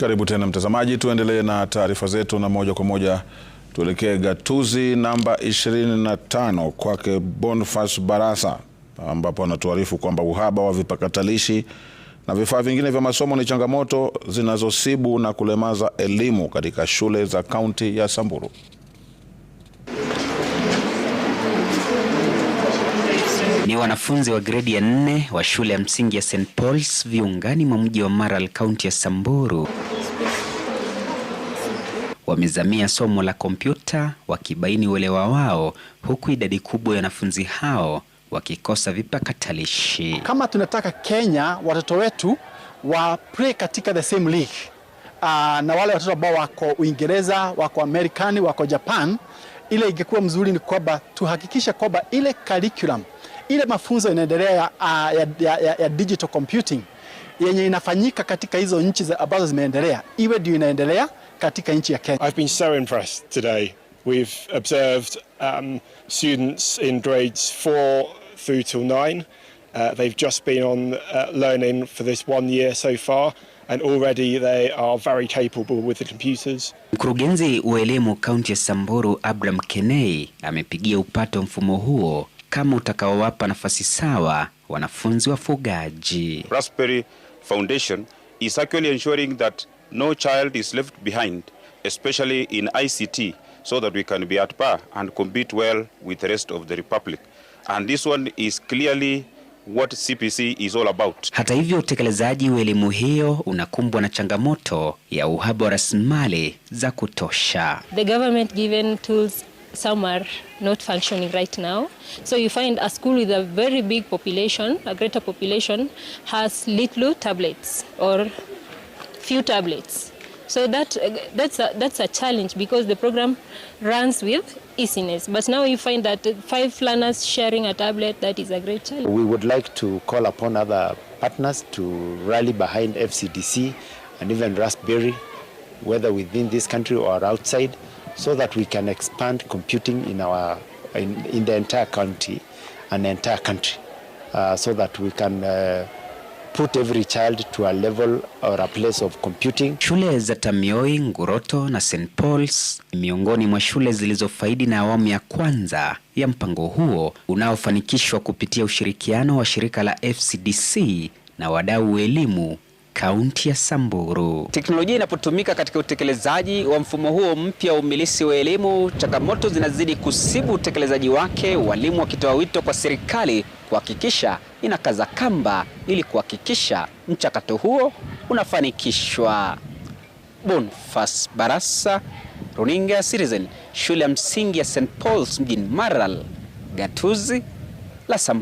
Karibu tena mtazamaji, tuendelee na taarifa zetu na moja kwa moja tuelekee gatuzi namba 25 kwake bonfas Barasa, ambapo anatuarifu kwamba uhaba wa vipakatalishi na vifaa vingine vya masomo ni changamoto zinazosibu na kulemaza elimu katika shule za kaunti ya Samburu. ni wanafunzi wa gredi ya nne wa shule ya msingi ya St Paul's viungani mwa mji wa Maral, kaunti ya Samburu wamezamia somo la kompyuta wakibaini uelewa wao, huku idadi kubwa ya wanafunzi hao wakikosa vipakatalishi. Kama tunataka Kenya watoto wetu wa play katika the same league uh, na wale watoto ambao wako Uingereza, wako Amerikani, wako Japan, ile ingekuwa mzuri ni kwamba tuhakikishe kwamba ile curriculum ile mafunzo inaendelea ya, ya, ya, ya digital computing yenye inafanyika katika hizo nchi ambazo zimeendelea iwe ndio inaendelea katika nchi ya Kenya. I've been so impressed today. We've observed um, students in grades 4 through till 9. Uh, they've just been on uh, learning for this one year so far and already they are very capable with the computers. Mkurugenzi wa elimu kaunti ya Samburu Abraham Kenei amepigia upato mfumo huo kama utakaowapa nafasi sawa wanafunzi wafugaji. Raspberry Foundation is actually ensuring that no child is left behind especially in ICT so that we can be at par and compete well with the rest of the republic and this one is clearly what CPC is all about. Hata hivyo, utekelezaji wa elimu hiyo unakumbwa na changamoto ya uhaba wa rasilimali za kutosha. The government given tools some are not functioning right now. So you find a school with a very big population, a greater population, has little tablets or few tablets. So that uh, that's a, that's a challenge because the program runs with easiness. But now you find that five learners sharing a tablet, that is a great challenge. We would like to call upon other partners to rally behind FCDC and even Raspberry, whether within this country or outside, so that we can expand computing in, our, in, in the entire county and the entire country uh, so that we can uh, put every child to a level or a place of computing. Shule za Tamioi, Ngoroto na St Paul's miongoni mwa shule zilizofaidi na awamu ya kwanza ya mpango huo unaofanikishwa kupitia ushirikiano wa shirika la FCDC na wadau elimu kaunti ya Samburu. Teknolojia inapotumika katika utekelezaji wa mfumo huo mpya wa umilisi wa elimu, changamoto zinazidi kusibu utekelezaji wake, walimu wakitoa wito kwa serikali kuhakikisha inakaza kamba ili kuhakikisha mchakato huo unafanikishwa. Bonfas Barasa, runinga ya Citizen, shule ya msingi ya St Paul's mjini Maralal, gatuzi la Samburu.